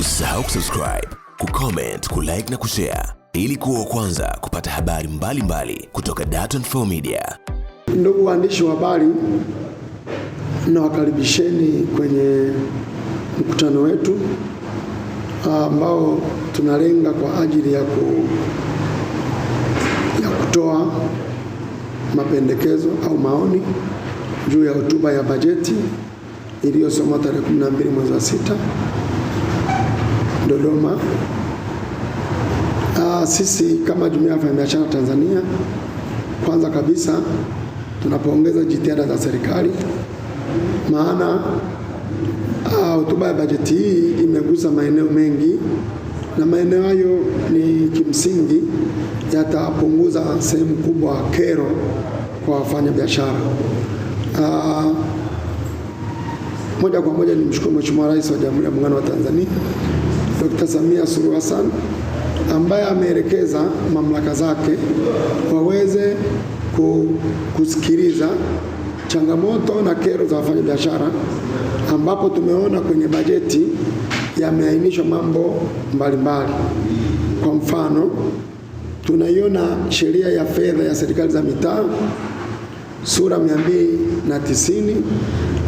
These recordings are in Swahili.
Usisahau kusubscribe, kucomment, kulike na kushare ili kuwa kwanza kupata habari mbalimbali mbali kutoka Dar24 Media. Ndugu waandishi wa habari, nawakaribisheni kwenye mkutano wetu ah, ambao tunalenga kwa ajili ya, ku, ya kutoa mapendekezo au maoni juu ya hotuba ya bajeti iliyosomwa tarehe 12 mwezi wa sita Dodoma. Aa, ah, sisi kama jumuiya ya wafanyabiashara Tanzania, kwanza kabisa tunapongeza jitihada za serikali, maana ah, hotuba ya bajeti hii imegusa maeneo mengi na maeneo hayo ni kimsingi yatapunguza sehemu kubwa kero kwa wafanyabiashara. Ah, moja kwa moja nimshukuru Mheshimiwa Rais wa Jamhuri ya Muungano wa Tanzania Dkt. Samia Suluhu Hassan ambaye ameelekeza mamlaka zake waweze kusikiliza changamoto na kero za wafanyabiashara, ambapo tumeona kwenye bajeti yameainishwa mambo mbalimbali. Kwa mfano, tunaiona sheria ya fedha ya serikali za mitaa sura na tisini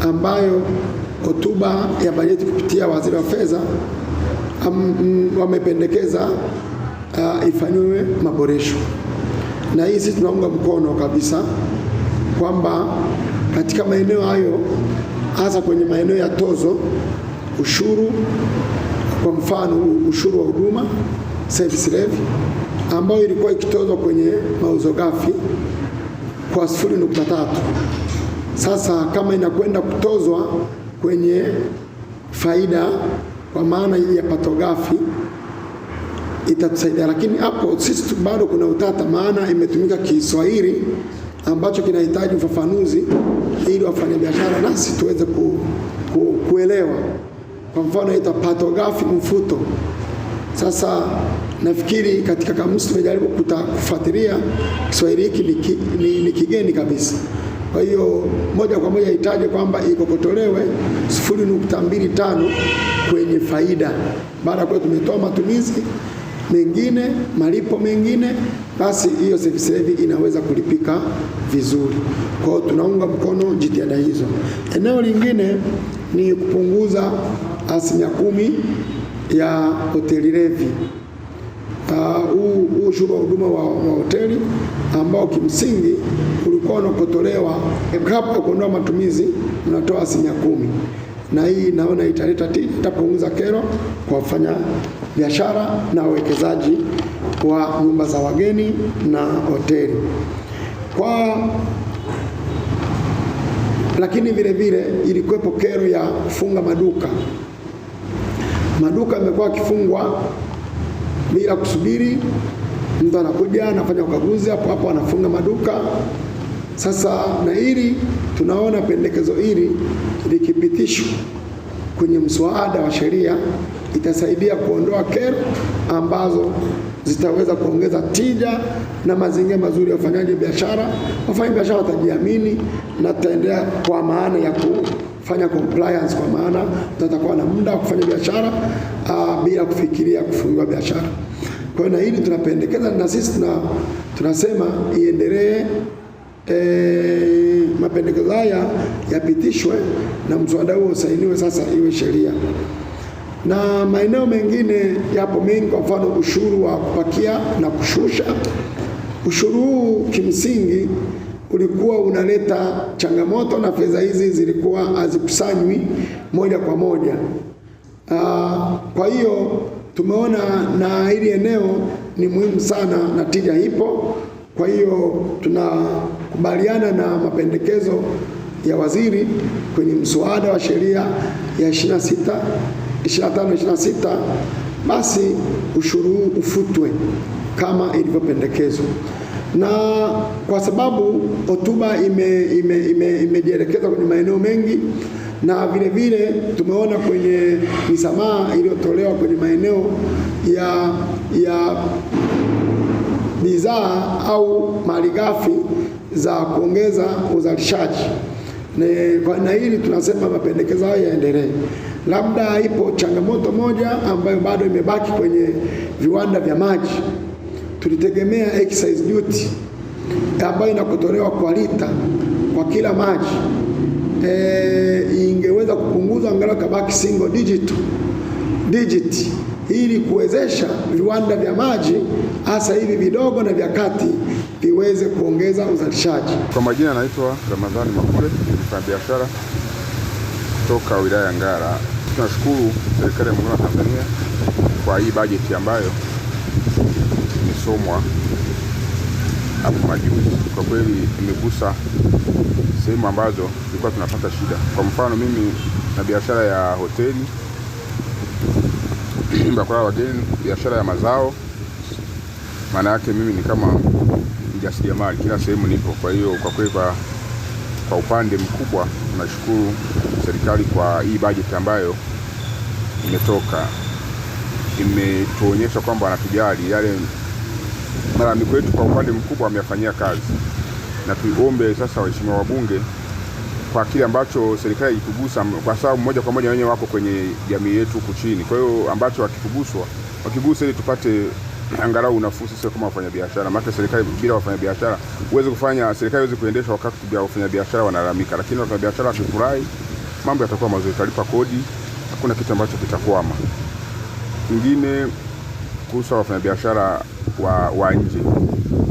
ambayo hotuba ya bajeti kupitia waziri wa fedha wamependekeza uh, ifanyiwe maboresho, na hii sisi tunaunga mkono kabisa kwamba katika maeneo hayo hasa kwenye maeneo ya tozo, ushuru, kwa mfano ushuru wa huduma service levy ambayo ilikuwa ikitozwa kwenye mauzo ghafi kwa sifuri nukta tatu sasa kama inakwenda kutozwa kwenye faida kwa maana hii ya patogafi itatusaidia, lakini hapo sisi bado kuna utata, maana imetumika Kiswahili ambacho kinahitaji ufafanuzi ili wafanyabiashara nasi tuweze ku, ku, kuelewa. Kwa mfano inaitwa patogafi mfuto. Sasa nafikiri katika kamusi tumejaribu kufuatilia Kiswahili hiki ni, ni, ni kigeni kabisa. Kwa hiyo moja kwa moja itaje kwamba ikokotolewe 0.25 kwenye faida, baada kwa tumetoa matumizi mengine, malipo mengine, basi hiyo sevisevi inaweza kulipika vizuri. Kwa hiyo tunaunga mkono jitihada hizo. Eneo lingine ni kupunguza asilimia kumi ya hoteli levy ushuru wa huduma wa, hoteli ambao kimsingi ulikuwa unapotolewa kabla kuondoa matumizi unatoa asilimia kumi, na hii naona italeta tija, itapunguza kero kwa wafanya biashara na wawekezaji wa nyumba za wageni na hoteli kwa lakini vile vile ilikuwepo kero ya kufunga maduka. Maduka yamekuwa yakifungwa bila kusubiri Mtu anakuja anafanya ukaguzi hapo hapo anafunga maduka. Sasa na hili tunaona pendekezo hili likipitishwa kwenye mswada wa sheria itasaidia kuondoa kero ambazo zitaweza kuongeza tija na mazingira mazuri ya ufanyaji biashara. Wafanya biashara watajiamini na tutaendelea kwa maana ya kufanya compliance, kwa maana tutakuwa na muda wa kufanya biashara ah, bila kufikiria kufungiwa biashara. Kwa hiyo na hili tunapendekeza na sisi tuna, tunasema iendelee e, mapendekezo haya yapitishwe na mswada huo usainiwe sasa iwe sheria. Na maeneo mengine yapo mengi, kwa mfano ushuru wa kupakia na kushusha. Ushuru huu kimsingi ulikuwa unaleta changamoto na fedha hizi zilikuwa hazikusanywi moja kwa moja. Aa, ah, kwa hiyo Tumeona na hili eneo ni muhimu sana na tija ipo. Kwa hiyo tunakubaliana na mapendekezo ya waziri kwenye mswada wa sheria ya 26 25 26, basi ushuru huu ufutwe kama ilivyopendekezwa, na kwa sababu hotuba imejielekeza ime, ime, ime kwenye maeneo mengi na vile vile tumeona kwenye misamaha iliyotolewa kwenye maeneo ya ya bidhaa au malighafi za kuongeza uzalishaji. Na hili tunasema mapendekezo hayo yaendelee. Labda ipo changamoto moja ambayo bado imebaki kwenye viwanda vya maji, tulitegemea excise duty ambayo inakotolewa kwa lita kwa kila maji e, ingeweza kupunguzwa angalau kabaki single digit digit ili kuwezesha viwanda vya maji hasa hivi vidogo na vya kati viweze kuongeza uzalishaji. Kwa majina naitwa Ramadhani Makule, mfanya biashara kutoka wilaya ya Ngara. Tunashukuru serikali ya Muungano wa Tanzania kwa hii bajeti ambayo imesomwa hapo majuzi, kwa kweli imegusa sehemu ambazo tulikuwa tunapata shida. Kwa mfano mimi na biashara ya hoteli kwa wageni, biashara ya mazao, maana yake mimi ni kama mjasiriamali, kila sehemu nipo. Kwa hiyo kwa kweli, kwa upande mkubwa tunashukuru serikali kwa hii bajeti ambayo imetoka, imetuonyesha kwamba wanatujali yale malalamiko yetu, kwa upande mkubwa ameyafanyia kazi na tuiombe sasa, waheshimiwa wabunge, kwa kile ambacho serikali haikugusa, kwa sababu moja kwa moja wenyewe wako kwenye jamii yetu huku chini. Kwa hiyo ambacho wakikuguswa wakigusa, ili tupate angalau nafuu sisi kama wafanyabiashara, maana serikali bila wafanyabiashara huwezi kufanya, serikali huwezi kuendesha wakati wafanyabiashara wanalalamika. Lakini wafanyabiashara wakifurahi, mambo yatakuwa mazuri, talipa kodi, hakuna kitu ambacho kitakwama. Kingine kuhusu wafanyabiashara wa, wa nje.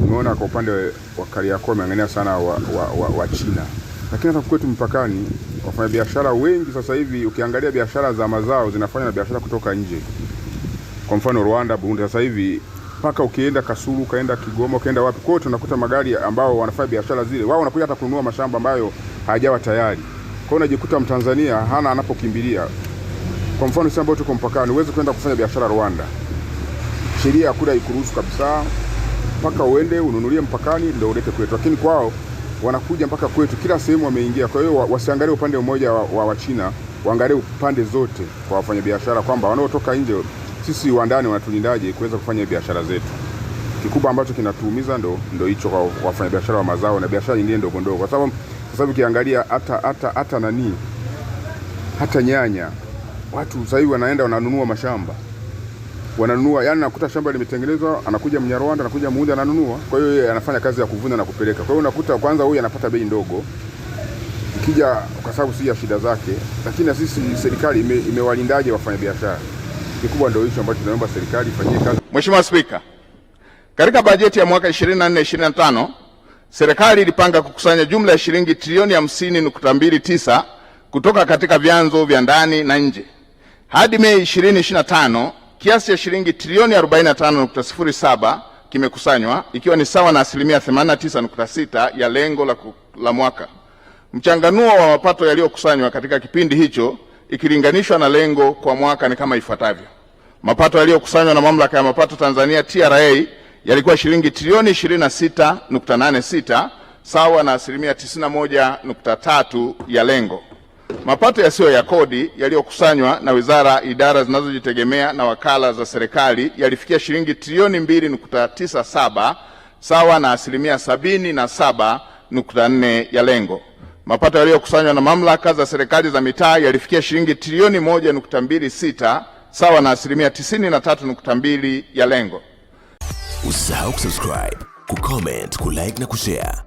Umeona kwa upande wa Kariakoo ameangalia sana wa, wa, wa, wa China, lakini hata kwetu mpakani wafanyabiashara wengi sasa hivi ukiangalia biashara za mazao zinafanya na biashara kutoka nje, kwa mfano Rwanda, Burundi. Sasa hivi mpaka ukienda Kasulu, ukaenda Kigoma, ukaenda wapi, kote unakuta magari ambao wanafanya biashara zile, wao wanakuja hata kununua mashamba ambayo hayajawa tayari. Kwa hiyo unajikuta Mtanzania hana anapokimbilia. Kwa mfano sisi ambao tuko mpakani, huwezi kwenda kufanya biashara Rwanda sheria ya kura ikuruhusu kabisa, mpaka uende ununulie mpakani ndio ulete kwetu, lakini kwao wanakuja mpaka kwetu, kila sehemu wameingia. Kwa hiyo wasiangalie upande mmoja wa Wachina, waangalie upande zote kwa wafanyabiashara, kwamba wanaotoka nje sisi wa ndani wanatulindaje kuweza kufanya biashara zetu. Kikubwa ambacho kinatuumiza ndo ndo hicho kwa wafanyabiashara wa mazao na biashara nyingine ndogo ndogo, kwa sababu sasa ukiangalia hata hata hata nani hata nyanya, watu sasa hivi wanaenda wananunua mashamba wananunua, yani nakuta shamba limetengenezwa, anakuja Mnyarwanda, anakuja muuza, ananunua. Kwa hiyo yeye anafanya kazi ya kuvuna na kupeleka. Kwa hiyo unakuta kwanza huyu anapata bei ndogo ikija kwa sababu si ya shida zake, lakini na sisi serikali imewalindaje ime, imewalindaje wafanyabiashara? Kikubwa ndio hicho ambacho tunaomba serikali ifanyie kazi. Mheshimiwa Spika, katika bajeti ya mwaka 24 25 serikali ilipanga kukusanya jumla ya shilingi trilioni 50.29 kutoka katika vyanzo vya ndani na nje. Hadi Mei 2025 kiasi cha shilingi trilioni 45.07 kimekusanywa ikiwa ni sawa na asilimia 89.6 ya lengo la, la mwaka. Mchanganuo wa mapato yaliyokusanywa katika kipindi hicho ikilinganishwa na lengo kwa mwaka ni kama ifuatavyo: mapato yaliyokusanywa na mamlaka ya mapato Tanzania TRA yalikuwa shilingi trilioni 26.86 sawa na asilimia 91.3 ya lengo. Mapato yasiyo ya kodi yaliyokusanywa na wizara, idara zinazojitegemea na wakala za serikali yalifikia shilingi trilioni 2.97 sawa na asilimia 77.4 ya lengo. Mapato yaliyokusanywa na mamlaka za serikali za mitaa yalifikia shilingi trilioni 1.26 sawa na asilimia 93.2 ya lengo. Usisahau kusubscribe, kucomment, kulike na kushare